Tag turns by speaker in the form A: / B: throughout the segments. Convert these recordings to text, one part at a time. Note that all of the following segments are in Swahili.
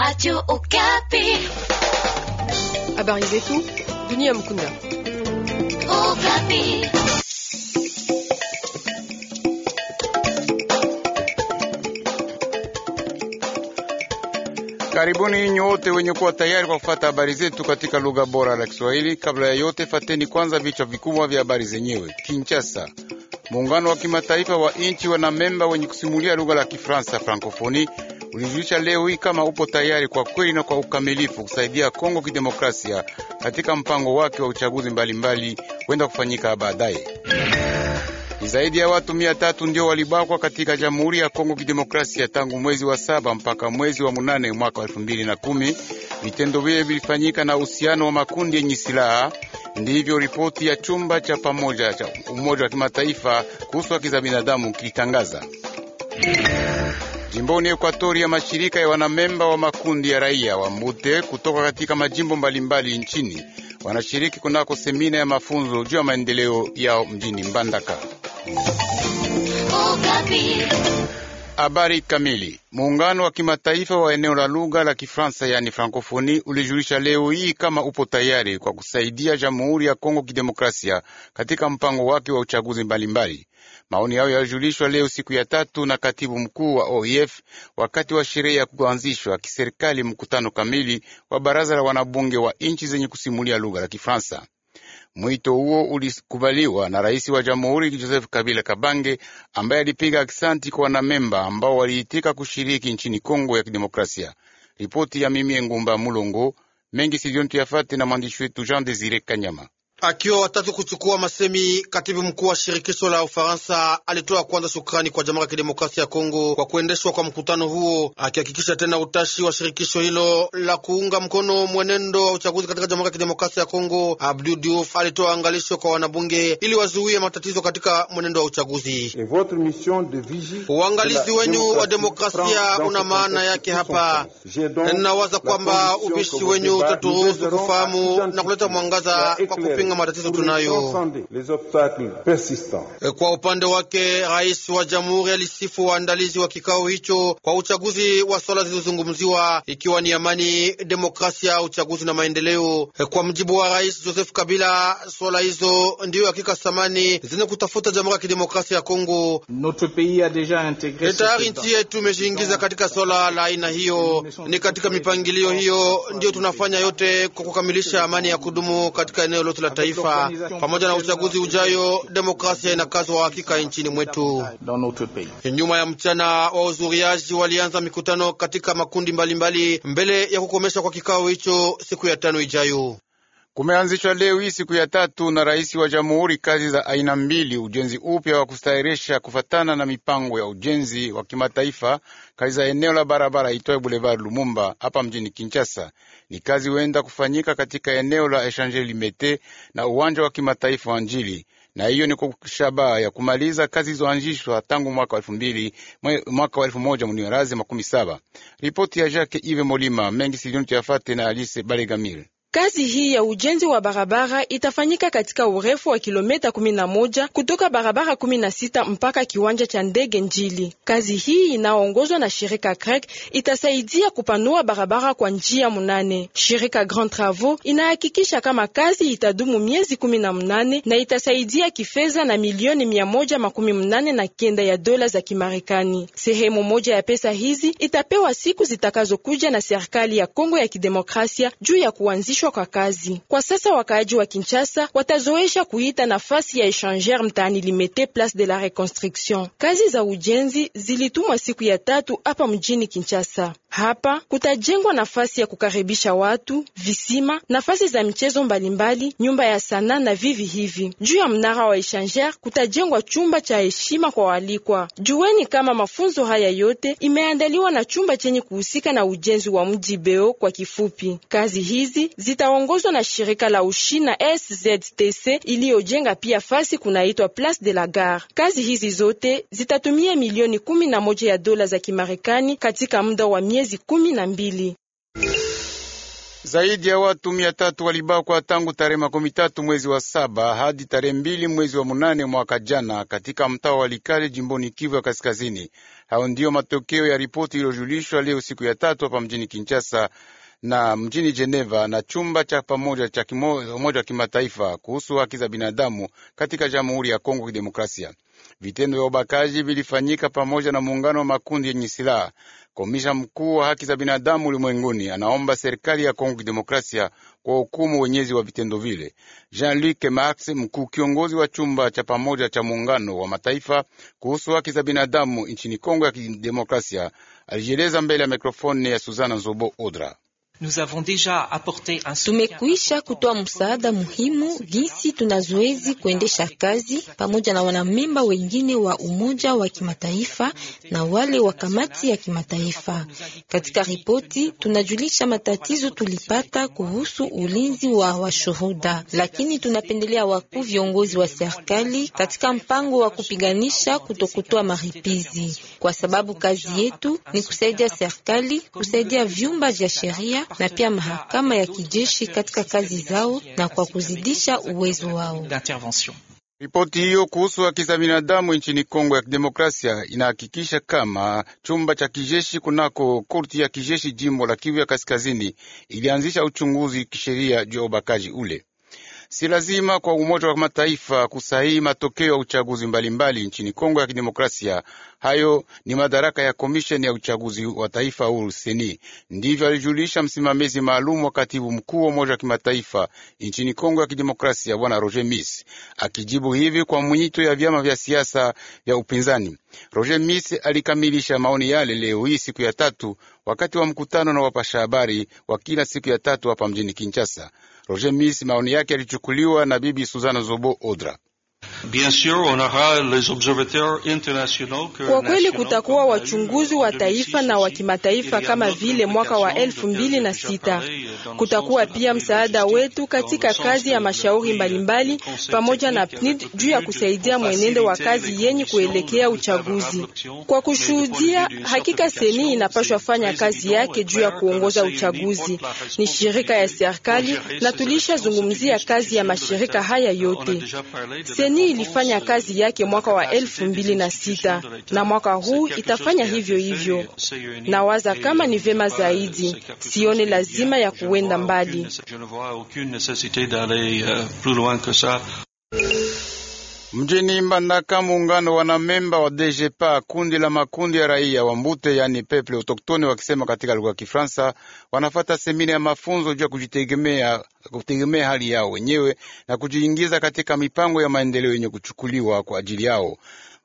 A: Radio Okapi.
B: Habari ah zetu dunia mkunda.
C: Okapi.
D: Karibuni wote wenye kuwa tayari kwa kufata habari zetu katika lugha bora la Kiswahili. Kabla ya yote, fateni kwanza vichwa vikubwa vya habari zenyewe. Kinshasa, muungano wa kimataifa wa inchi memba wenye kusimulia lugha la Kifaransa, Frankofoni, ulijulisha leo hii kama upo tayari kwa kweli na kwa ukamilifu kusaidia Kongo kidemokrasia katika mpango wake wa uchaguzi mbalimbali kwenda kufanyika baadaye. Ni zaidi ya watu mia tatu ndio walibakwa katika Jamhuri ya Kongo Kidemokrasia tangu mwezi wa saba mpaka mwezi wa munane mwaka wa elfu mbili na kumi. Vitendo vile vilifanyika na uhusiano wa makundi yenye silaha. Ndivyo ripoti ya chumba cha pamoja cha Umoja wa Kimataifa kuhusu haki za binadamu kilitangaza. Jimboni Ekwatoria, mashirika ya wanamemba wa makundi ya raia wa Mbute kutoka katika majimbo mbalimbali nchini wanashiriki kunako semina ya mafunzo juu ya maendeleo yao mjini Mbandaka. Oh, Habari kamili. Muungano wa kimataifa wa eneo la lugha la Kifaransa yani Frankofoni ulijulisha leo hii kama upo tayari kwa kusaidia Jamhuri ya Kongo Kidemokrasia katika mpango wake wa uchaguzi mbalimbali. Maoni hayo yalijulishwa leo siku ya tatu na katibu mkuu wa OIF e wakati wa sherehe ya kuanzishwa kiserikali mkutano kamili wa baraza la wanabunge wa nchi zenye kusimulia lugha la Kifaransa. Mwito huo ulikubaliwa na rais wa jamhuri Joseph Kabila Kabange, ambaye alipiga akisanti kwa wanamemba ambao waliitika kushiriki nchini Kongo ya Kidemokrasia. Ripoti ya mimi Engumba Mulongo mengi sivyontu Yafate na mwandishi wetu Jean Desire Kanyama.
C: Akiwa watatu kuchukua masemi, katibu mkuu wa shirikisho la Ufaransa alitoa kwanza shukrani kwa Jamhuri ya Kidemokrasia ya Kongo kwa kuendeshwa kwa mkutano huo, akihakikisha tena utashi wa shirikisho hilo la kuunga mkono mwenendo wa uchaguzi katika Jamhuri ya Kidemokrasia ya Kongo. Abdu Diouf alitoa angalisho kwa wanabunge ili wazuie matatizo katika mwenendo wa uchaguzi.
D: Uangalizi wenyu wa demokrasia una maana yake hapa. Ninawaza kwamba ubishi wenyu utaturuhusu kufahamu na kuleta mwangaza kwa kupinga kupinga matatizo tunayo.
C: E, kwa upande wake, rais wa jamhuri alisifu waandalizi wa kikao hicho kwa uchaguzi wa swala zilizozungumziwa, ikiwa ni amani, demokrasia, uchaguzi na maendeleo. E, kwa mjibu wa rais Joseph Kabila, swala hizo ndiyo hakika samani zenye kutafuta jamhuri ya kidemokrasia ya Kongo. E, tayari nchi yetu imejiingiza katika swala la aina hiyo. Ni katika mipangilio hiyo ndiyo tunafanya yote kwa kukamilisha amani ya kudumu katika eneo lote la kimataifa pamoja na uchaguzi ujayo, demokrasia inakazwa hakika nchini mwetu. Nyuma ya mchana, wa uzuriaji walianza mikutano katika makundi mbalimbali mbali, mbele ya kukomesha kwa kikao hicho siku ya tano ijayo
D: kumeanzishwa leo hii siku ya tatu na rais wa jamhuri kazi za aina mbili: ujenzi upya wa kustahirisha kufatana na mipango ya ujenzi wa kimataifa, kazi za eneo la barabara itwaye Boulevard Lumumba hapa mjini Kinshasa. Ni kazi huenda kufanyika katika eneo la Echange Limete na uwanja wa kimataifa wa Njili, na hiyo ni kwa shabaha ya kumaliza kazi zilizoanzishwa tangu mwaka wa elfu mbili mwaka wa elfu moja mia makumi saba. Ripoti ya Jacques Ive Molima mengi silioni tuyafate na Alice Balegamil.
B: Kazi hii ya ujenzi wa barabara itafanyika katika urefu wa kilomita 11 kutoka barabara 16 mpaka kiwanja cha ndege Njili. Kazi hii inaongozwa na shirika Greg itasaidia kupanua barabara kwa njia munane. Shirika Grand Travaux inahakikisha kama kazi itadumu miezi 18 na itasaidia kifedha na milioni 118 na kenda ya dola za Kimarekani. Sehemu moja ya pesa hizi itapewa siku zitakazokuja na serikali ya Kongo ya Kidemokrasia juu ya kuanzisha kusimamishwa kwa kazi. Kwa sasa wakaaji wa Kinshasa watazoesha kuita nafasi ya Echanger mtaani Limete, Place de la Reconstruction. Kazi za ujenzi zilitumwa siku ya tatu hapa mjini Kinshasa. Hapa kutajengwa nafasi ya kukaribisha watu, visima, nafasi za michezo mbalimbali, nyumba ya sanaa na vivi hivi. Juu ya mnara wa echanger kutajengwa chumba cha heshima kwa walikwa. Jueni kama mafunzo haya yote imeandaliwa na chumba chenye kuhusika na ujenzi wa mji beo kwa kifupi. Kazi hizi zitaongozwa na shirika la Ushina SZTC iliyojenga pia fasi kunaitwa Place de la Gare. Kazi hizi zote zitatumia milioni kumi na moja ya dola za Kimarekani katika muda wa miezi kumi na mbili.
D: Zaidi ya watu mia tatu walibakwa tangu tarehe makumi tatu mwezi wa saba hadi tarehe mbili mwezi wa munane mwaka jana katika mtaa wa Likale jimboni Kivu ya Kaskazini. Hao ndiyo matokeo ya ripoti iliyojulishwa leo siku ya tatu hapa mjini Kinshasa na mjini Geneva na chumba cha pamoja cha Umoja wa Kimataifa kuhusu haki za binadamu katika Jamhuri ya Kongo Kidemokrasia. Vitendo vya ubakaji vilifanyika pamoja na muungano wa makundi yenye silaha. Komisha mkuu wa haki za binadamu ulimwenguni anaomba serikali ya Kongo Kidemokrasia kwa hukumu wenyezi wa vitendo vile. Jean-Luc max mkuu kiongozi wa chumba cha pamoja cha Muungano wa Mataifa kuhusu haki za binadamu nchini Kongo ya Kidemokrasia, alijieleza mbele ya mikrofoni ya Suzana Zobo Odra.
A: Tumekwisha kutoa msaada muhimu jinsi tunazoezi kuendesha kazi pamoja na wanamemba wengine wa Umoja wa Kimataifa na wale wa Kamati ya Kimataifa. Katika ripoti tunajulisha matatizo tulipata kuhusu ulinzi wa washuhuda, lakini tunapendelea wakuu viongozi wa serikali katika mpango wa kupiganisha kutokutoa maripizi, kwa sababu kazi yetu ni kusaidia serikali, kusaidia vyumba vya sheria na pia mahakama ya kijeshi katika kazi zao na kwa kuzidisha uwezo wao.
D: Ripoti hiyo kuhusu haki za binadamu nchini Kongo ya Kidemokrasia inahakikisha kama chumba cha kijeshi kunako korti ya kijeshi jimbo la Kivu ya Kaskazini ilianzisha uchunguzi kisheria juu ya ubakaji ule si lazima kwa Umoja wa Mataifa kusahihi matokeo ya uchaguzi mbalimbali mbali nchini Kongo ya Kidemokrasia. Hayo ni madaraka ya komisheni ya uchaguzi wa taifa huru seni. Ndivyo alijulisha msimamizi maalum wa katibu mkuu wa Umoja wa Kimataifa nchini Kongo ya Kidemokrasia, Bwana Roger Mis, akijibu hivi kwa mwito ya vyama vya siasa vya upinzani. Roger Mis alikamilisha maoni yale leo hii siku ya tatu wakati wa mkutano na wapasha habari wa kila siku ya tatu hapa mjini Kinshasa. Roger Miss. Maoni yake yalichukuliwa na Bibi Suzana Zobo Odra kwa kweli
B: kutakuwa wachunguzi wa taifa na wa kimataifa kama vile mwaka wa elfu mbili na sita. Kutakuwa pia msaada wetu katika kazi ya mashauri mbalimbali pamoja na PNID juu ya kusaidia mwenendo wa kazi yenye kuelekea uchaguzi. Kwa kushuhudia, hakika seni inapashwa fanya kazi yake juu ya kuongoza uchaguzi. Ni shirika ya serikali na tulishazungumzia kazi ya mashirika haya yote seni ilifanya kazi yake mwaka wa elfu mbili na sita na mwaka huu itafanya hivyo hivyo. Nawaza kama ni vema zaidi, sione lazima ya kuenda mbali.
D: Mjini Mbandaka, muungano wanamemba wa DGPA, kundi la makundi ya raia wa Mbute, yani peple autoktone, wakisema katika lugha ya Kifransa, wanafata semina ya mafunzo juu ya kujitegemea, kutegemea hali yao wenyewe na kujiingiza katika mipango ya maendeleo yenye kuchukuliwa kwa ajili yao,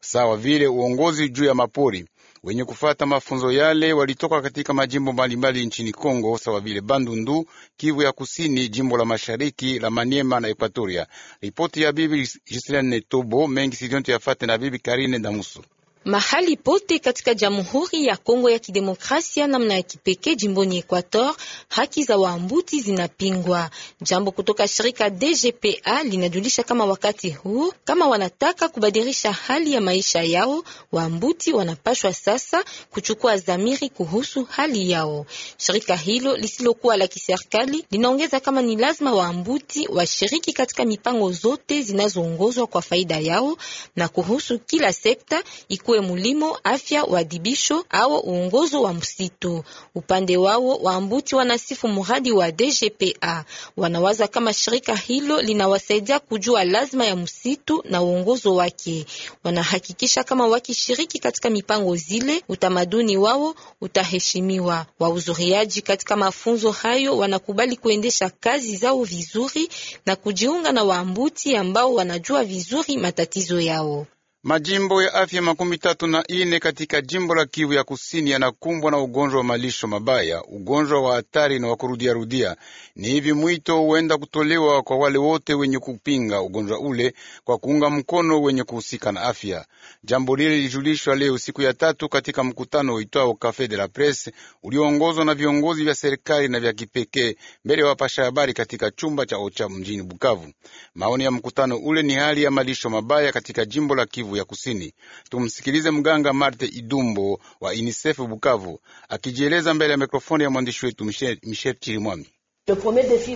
D: sawa vile uongozi juu ya mapori wenye kufata mafunzo yale walitoka katika majimbo mbalimbali nchini Kongo sawa vile Bandundu, Kivu ya Kusini, jimbo la Mashariki la Maniema na Ekwatoria. Ripoti ya bibi Giselane Tobo mengi sidionto yafate na bibi Karine Damuso.
A: Mahali pote katika Jamhuri ya Kongo ya Kidemokrasia namna ya kipekee jimboni Equator, haki za waambuti zinapingwa. Jambo kutoka shirika DGPA linajulisha kama wakati huu, kama wanataka kubadilisha hali ya maisha yao, waambuti wanapashwa sasa kuchukua dhamiri kuhusu hali yao. Shirika hilo lisilokuwa la kiserikali linaongeza kama ni lazima waambuti washiriki katika mipango zote zinazoongozwa kwa faida yao na kuhusu kila sekta iku ikuwe mulimo, afya, wadibisho au uongozo wa msitu. Upande wao waambuti wanasifu muradi wa DGPA, wanawaza kama shirika hilo linawasaidia kujua lazima ya msitu na uongozo wake. Wanahakikisha kama wakishiriki katika mipango zile, utamaduni wao utaheshimiwa. Wahudhuriaji katika mafunzo hayo wanakubali kuendesha kazi zao vizuri na kujiunga na waambuti ambao wanajua vizuri matatizo yao.
D: Majimbo ya afya makumi tatu na ine katika jimbo la Kivu ya kusini yanakumbwa na ugonjwa wa malisho mabaya, ugonjwa wa hatari na wa kurudiarudia. Ni hivi mwito huenda kutolewa kwa wale wote wenye kupinga ugonjwa ule kwa kuunga mkono wenye kuhusika na afya. Jambo lile lilijulishwa leo siku ya tatu katika mkutano uitwao Cafe de la Presse ulioongozwa na viongozi vya serikali na vya kipekee mbele ya wapasha habari katika chumba cha OCHA mjini Bukavu. Maoni ya mkutano ule ni hali ya malisho mabaya katika jimbo la Kivu Kivu ya Kusini. Tumsikilize mganga Marte Idumbo wa UNICEF Bukavu akijieleza mbele ya mikrofoni ya mwandishi wetu Michel Chirimwami.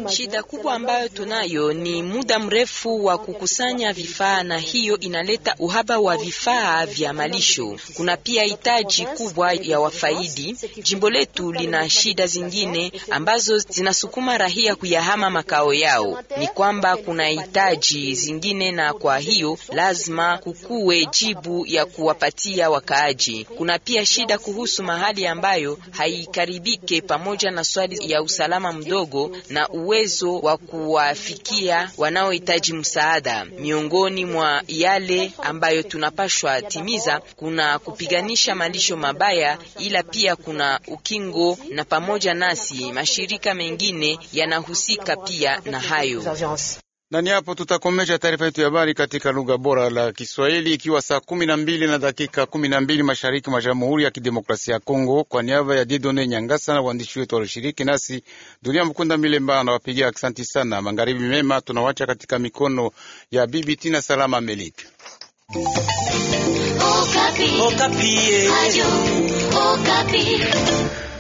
B: Shida kubwa ambayo tunayo ni muda mrefu wa kukusanya vifaa, na hiyo inaleta uhaba wa vifaa vya malisho. Kuna pia hitaji kubwa ya wafaidi. Jimbo letu lina shida zingine ambazo zinasukuma rahia kuyahama makao yao, ni kwamba kuna hitaji zingine, na kwa hiyo lazima kukuwe jibu ya kuwapatia wakaaji. Kuna pia shida kuhusu mahali ambayo haikaribike, pamoja na swali ya usalama mdogo kidogo na uwezo wa kuwafikia wanaohitaji msaada. Miongoni mwa yale ambayo tunapashwa timiza kuna kupiganisha malisho mabaya, ila pia kuna ukingo, na pamoja nasi mashirika mengine yanahusika pia na hayo
D: na ni hapo tutakomesha taarifa yetu ya habari katika lugha bora la Kiswahili, ikiwa saa kumi na mbili na dakika kumi na mbili mashariki mwa Jamhuri ya Kidemokrasia ya Kongo. Kwa niaba ya Didone Nyangasa na waandishi wetu walioshiriki nasi, Dunia Mkunda Milemba anawapigia asanti sana. Magharibi mema, tunawacha katika mikono ya Bibi Tina Salama Melike.
B: Okapi. Okapi. Eh.